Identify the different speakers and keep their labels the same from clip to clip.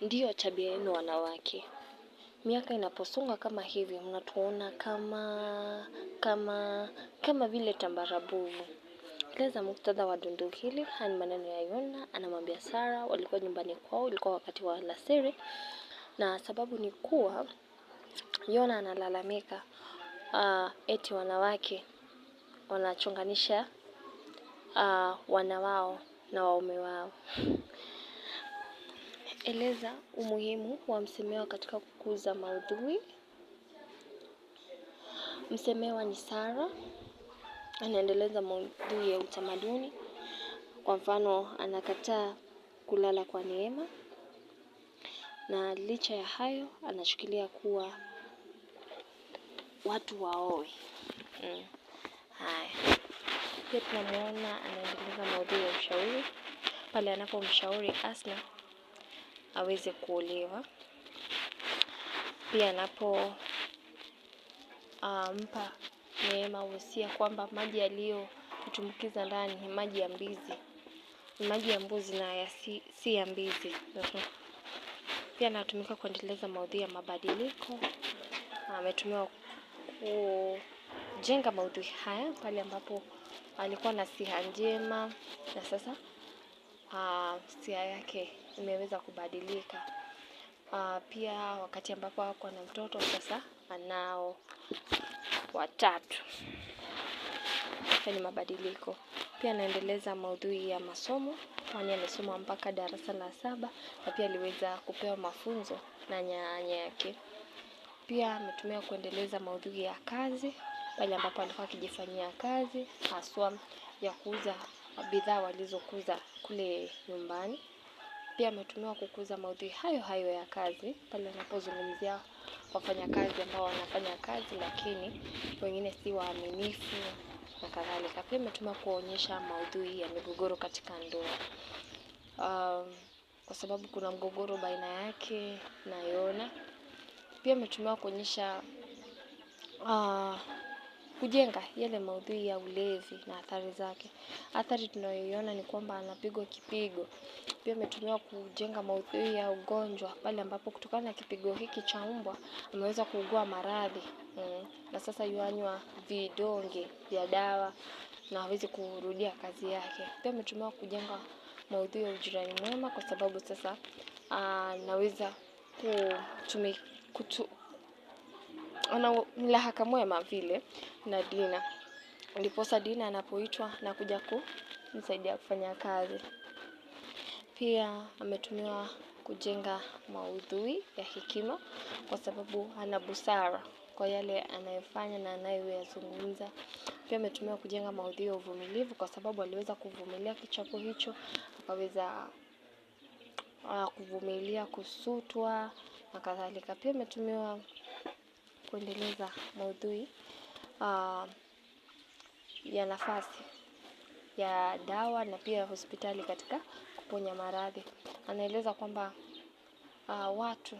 Speaker 1: Ndiyo tabia yenu wanawake, miaka inaposonga kama hivi mnatuona kama kama kama vile tambara bovu. Eleza muktadha wa dundu hili, haya ni maneno ya Yona anamwambia Sara, walikuwa nyumbani kwao, ilikuwa wakati wa alasiri, na sababu ni kuwa Yona analalamika uh, eti wanawake wanachonganisha uh, wanawao na waume wao Eleza umuhimu wa msemewa katika kukuza maudhui. Msemewa ni Sara, anaendeleza maudhui ya utamaduni. Kwa mfano, anakataa kulala kwa neema, na licha ya hayo anashikilia kuwa watu waoe. Mm. Haya, pia tunamwona anaendeleza maudhui ya ushauri pale anapomshauri Asna aweze kuolewa. Pia anapo ah, mpa Neema usia kwamba maji yaliyotumbukiza ndani ni maji ya mbizi, ni maji ya mbuzi na si, si ya mbizi. Pia anatumika kuendeleza maudhui ya mabadiliko, ametumiwa kujenga maudhui haya pale ambapo alikuwa na siha njema na sasa ah, siha yake imeweza kubadilika. Uh, pia wakati ambapo hakuwa na mtoto sasa anao watatu. ni mabadiliko. Pia anaendeleza maudhui ya masomo kwani amesoma mpaka darasa la saba na pia aliweza kupewa mafunzo na nyanya yake. Pia ametumia kuendeleza maudhui ya kazi pale ambapo alikuwa akijifanyia kazi haswa ya kuuza bidhaa walizokuza kule nyumbani. Pia ametumiwa kukuza maudhui hayo hayo ya kazi pale anapozungumzia wafanyakazi ambao wanafanya kazi lakini wengine si waaminifu na kadhalika. Pia ametumiwa kuonyesha maudhui ya migogoro katika ndoa. Um, kwa sababu kuna mgogoro baina yake na Yona. Pia ametumiwa kuonyesha uh, kujenga yale maudhui ya ulevi na athari zake. Athari tunayoiona ni kwamba anapigwa kipigo. Pia ametumiwa kujenga maudhui ya ugonjwa pale ambapo kutokana na kipigo hiki cha mbwa ameweza kuugua maradhi mm. Na sasa yuanywa vidonge vya dawa na hawezi kurudia kazi yake. Pia ametumiwa kujenga maudhui ya ujirani mwema kwa sababu sasa ah, anaweza kutu, wana mlahaka mwema vile na Dina, ndiposa Dina anapoitwa na kuja kumsaidia kufanya kazi. Pia ametumiwa kujenga maudhui ya hekima, kwa sababu ana busara kwa yale anayofanya na anayoyazungumza. Pia ametumiwa kujenga maudhui ya uvumilivu, kwa sababu aliweza kuvumilia kichapo hicho, akaweza ah, kuvumilia kusutwa na kadhalika. Pia ametumiwa kuendeleza maudhui ah, ya nafasi ya dawa na pia hospitali katika kuponya maradhi. Anaeleza kwamba uh, watu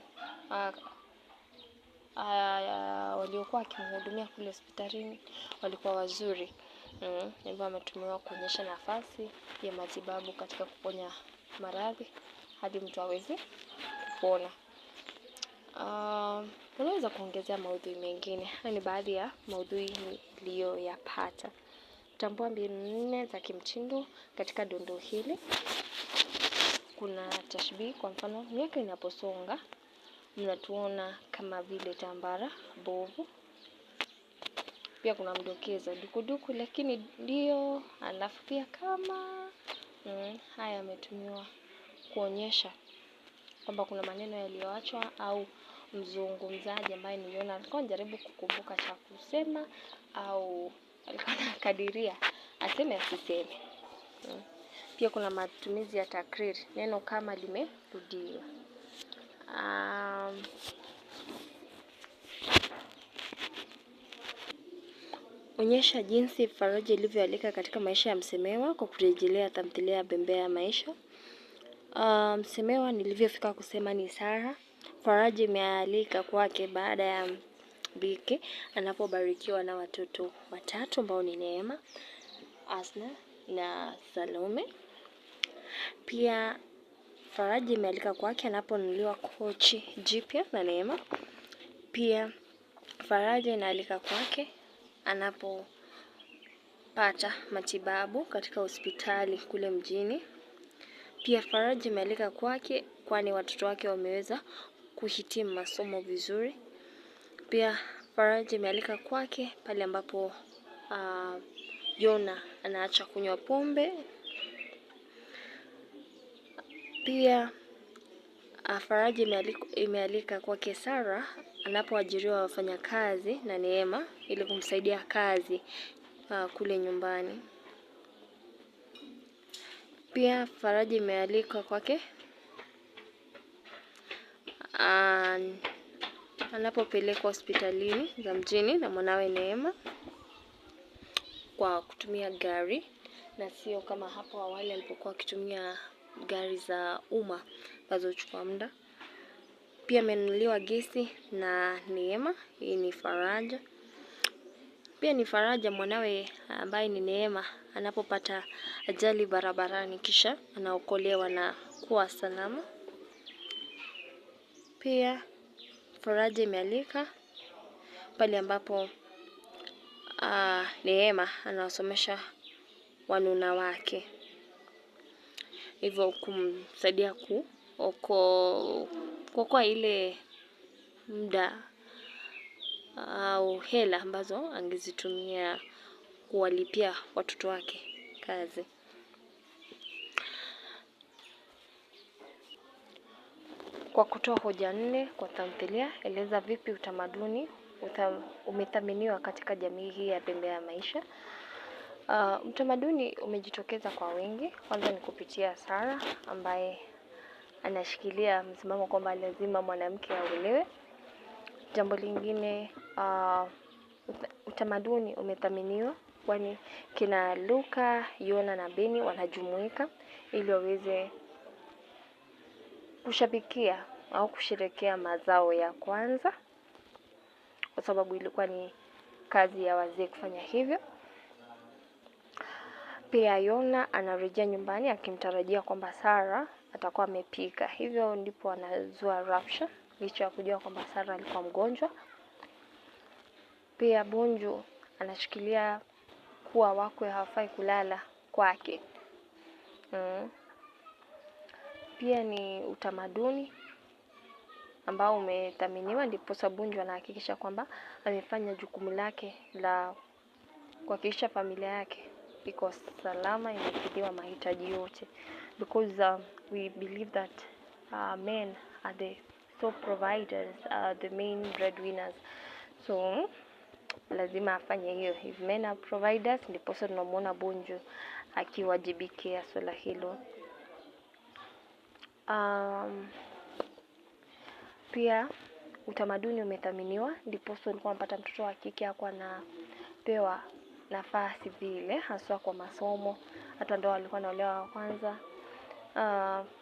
Speaker 1: uh, uh, waliokuwa wakimhudumia kule hospitalini walikuwa wazuri mm, ametumiwa kuonyesha nafasi ya matibabu katika kuponya maradhi hadi mtu aweze kupona. Uh, Unaweza kuongezea maudhui mengine. Hayo ni baadhi ya maudhui niliyoyapata. Tambua mbinu nne za kimtindo katika dondoo hili. Kuna tashbihi, kwa mfano, miaka inaposonga mnatuona kama vile tambara bovu. Pia kuna mdokeza, dukuduku lakini ndio. Alafu pia kama mm, haya yametumiwa kuonyesha kwamba kuna maneno yaliyoachwa au mzungumzaji ambaye niliona alikuwa anajaribu kukumbuka cha kusema au alikuwa anakadiria aseme asiseme. Hmm. Pia kuna matumizi ya takriri, neno kama limerudiwa. Um, onyesha jinsi faraja ilivyoalika katika maisha ya msemewa kwa kurejelea tamthilia ya Bembea ya Maisha. Uh, msemewa nilivyofika kusema ni Sara. Faraja imealika kwake baada ya Bike anapobarikiwa na watoto watatu ambao ni Neema, Asna na Salome. Pia Faraja imealika kwake anaponunuliwa kochi jipya na Neema. Pia Faraja inaalika kwake anapopata matibabu katika hospitali kule mjini. Pia Faraja imealika kwake kwani watoto wake wameweza kuhitimu masomo vizuri. Pia Faraja imealika kwake pale ambapo uh, Jona anaacha kunywa pombe. Pia uh, Faraja imealika, imealika kwake Sara anapoajiriwa wafanyakazi na Neema ili kumsaidia kazi uh, kule nyumbani. Pia Faraja imealikwa kwake Ah, anapopelekwa hospitalini za mjini na mwanawe Neema kwa kutumia gari na sio kama hapo awali alipokuwa akitumia gari za umma ambazo huchukua muda. Pia amenunuliwa gesi na Neema. Hii ni faraja, pia ni faraja mwanawe ambaye ni Neema anapopata ajali barabarani, kisha anaokolewa na kuwa salama. Pia faraja imealika pale ambapo uh, Neema anawasomesha wanuna wake, hivyo kumsaidia kuokoa ile muda au hela ambazo angezitumia kuwalipia watoto wake kazi. Kwa kutoa hoja nne kwa tamthilia, eleza vipi utamaduni uta, umethaminiwa katika jamii hii ya Pembe ya Maisha. Uh, ah, utamaduni umejitokeza kwa wingi. Kwanza ni kupitia Sara ambaye anashikilia msimamo kwamba lazima mwanamke aolewe. Jambo lingine uh, utamaduni umethaminiwa kwani kina Luka, Yona na Beni wanajumuika ili waweze kushabikia au kusherekea mazao ya kwanza, kwa sababu ilikuwa ni kazi ya wazee kufanya hivyo. Pia Yona anarejea nyumbani akimtarajia kwamba Sara atakuwa amepika, hivyo ndipo anazua rapture licha ya kujua kwamba Sara alikuwa mgonjwa. Pia bonju anashikilia kuwa wakwe hawafai kulala kwake. Mm pia ni utamaduni ambao umethaminiwa, ndiposa Bunju anahakikisha kwamba amefanya jukumu lake la kuhakikisha familia yake iko salama, imekidhiwa mahitaji yote because uh, we believe that uh, men are the sole providers, are uh, the main breadwinners so lazima afanye hiyo. If men are providers, ndiposa tunamwona Bunju akiwajibikia swala hilo. Um, pia utamaduni umethaminiwa, ndiposa ulikuwa mpata mtoto wa kike hakuwa anapewa nafasi vile, haswa kwa masomo. Hata ndio walikuwa naolewa wa kwanza.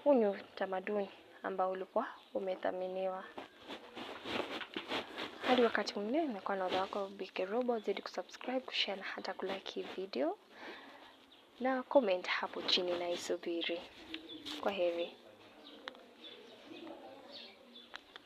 Speaker 1: Huu uh, ni utamaduni ambao ulikuwa umethaminiwa. Hadi wakati mwingine, nimekuwa na wako bike Robo. Zidi kusubscribe, kushare na hata kulike video na comment hapo chini, naisubiri. Kwa heri.